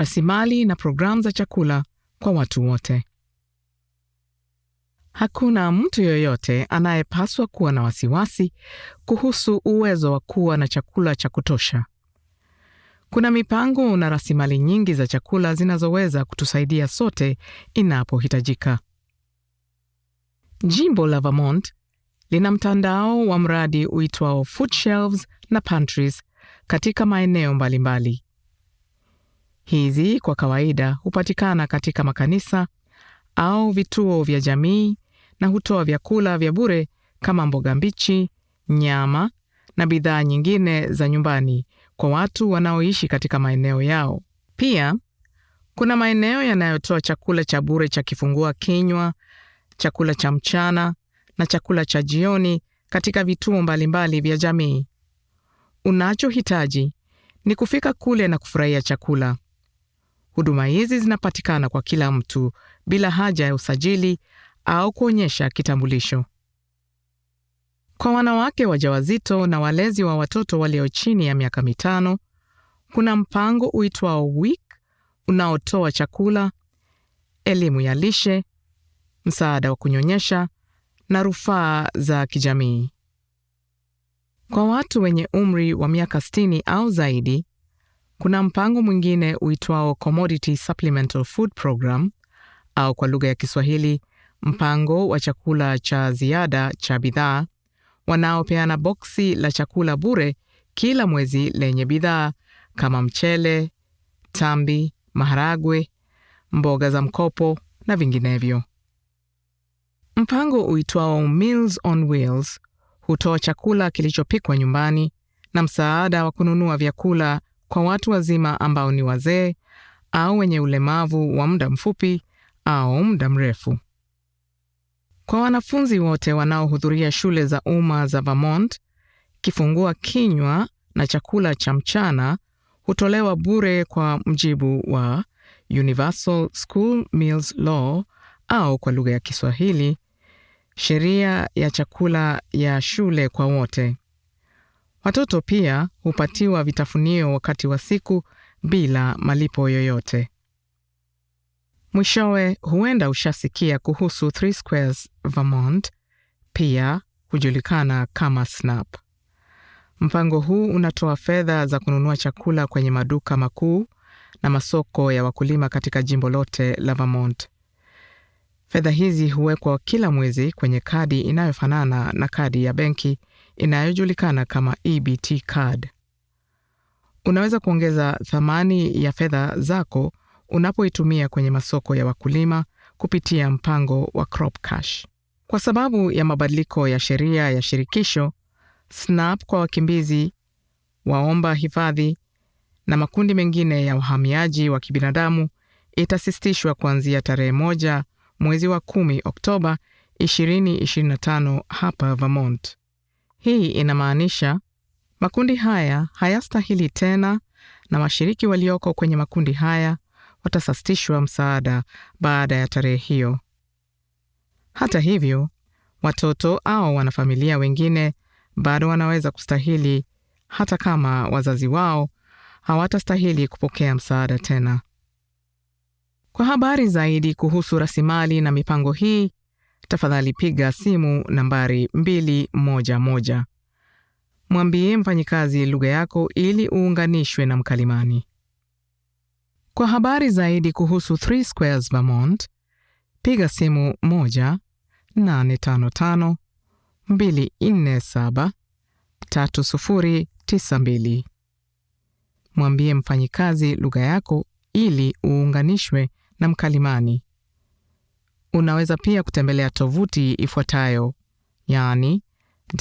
rasilimali na programu za chakula kwa watu wote. Hakuna mtu yoyote anayepaswa kuwa na wasiwasi kuhusu uwezo wa kuwa na chakula cha kutosha. Kuna mipango na rasilimali nyingi za chakula zinazoweza kutusaidia sote inapohitajika. Jimbo la Vermont lina mtandao wa mradi uitwao Food Shelves na Pantries katika maeneo mbalimbali. Hizi kwa kawaida hupatikana katika makanisa au vituo vya jamii na hutoa vyakula vya bure kama mboga mbichi, nyama na bidhaa nyingine za nyumbani kwa watu wanaoishi katika maeneo yao. Pia, kuna maeneo yanayotoa chakula cha bure cha kifungua kinywa, chakula cha mchana na chakula cha jioni katika vituo mbalimbali vya jamii. Unachohitaji ni kufika kule na kufurahia chakula. Huduma hizi zinapatikana kwa kila mtu bila haja ya usajili au kuonyesha kitambulisho. Kwa wanawake wajawazito na walezi wa watoto walio chini ya miaka mitano, kuna mpango uitwao WIC unaotoa chakula, elimu ya lishe, msaada wa kunyonyesha na rufaa za kijamii. Kwa watu wenye umri wa miaka 60 au zaidi, kuna mpango mwingine uitwao Commodity Supplemental Food Program au kwa lugha ya Kiswahili mpango wa chakula cha ziada cha bidhaa, wanaopeana boksi la chakula bure kila mwezi lenye bidhaa kama mchele, tambi, maharagwe, mboga za mkopo na vinginevyo. Mpango uitwao Meals on Wheels hutoa chakula kilichopikwa nyumbani na msaada wa kununua vyakula kwa watu wazima ambao ni wazee au wenye ulemavu wa muda mfupi au muda mrefu. Kwa wanafunzi wote wanaohudhuria shule za umma za Vermont, kifungua kinywa na chakula cha mchana hutolewa bure kwa mjibu wa Universal School Meals Law au kwa lugha ya Kiswahili, sheria ya chakula ya shule kwa wote. Watoto pia hupatiwa vitafunio wakati wa siku bila malipo yoyote. Mwishowe, huenda ushasikia kuhusu Three Squares Vermont, pia hujulikana kama SNAP. Mpango huu unatoa fedha za kununua chakula kwenye maduka makuu na masoko ya wakulima katika jimbo lote la Vermont. Fedha hizi huwekwa kila mwezi kwenye kadi inayofanana na kadi ya benki inayojulikana kama EBT card. Unaweza kuongeza thamani ya fedha zako unapoitumia kwenye masoko ya wakulima kupitia mpango wa Crop Cash. Kwa sababu ya mabadiliko ya sheria ya shirikisho, SNAP kwa wakimbizi, waomba hifadhi na makundi mengine ya uhamiaji wa kibinadamu itasisitishwa kuanzia tarehe moja mwezi wa kumi Oktoba 2025 hapa Vermont. Hii inamaanisha makundi haya hayastahili tena na washiriki walioko kwenye makundi haya watasasitishwa msaada baada ya tarehe hiyo. Hata hivyo, watoto au wanafamilia wengine bado wanaweza kustahili hata kama wazazi wao hawatastahili kupokea msaada tena. Kwa habari zaidi kuhusu rasilimali na mipango hii, tafadhali piga simu nambari 211. Mwambie mfanyikazi lugha yako ili uunganishwe na mkalimani. Kwa habari zaidi kuhusu Three Squares Vermont, piga simu 1 855 247 3092. Mwambie mfanyikazi lugha yako ili uunganishwe na mkalimani. Unaweza pia kutembelea tovuti ifuatayo yaani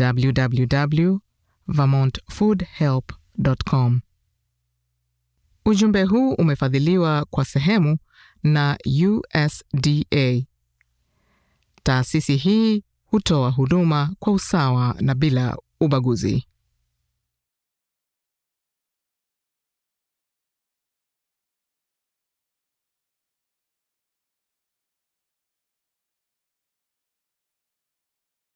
www.vermontfoodhelp.com. Ujumbe huu umefadhiliwa kwa sehemu na USDA. Taasisi hii hutoa huduma kwa usawa na bila ubaguzi.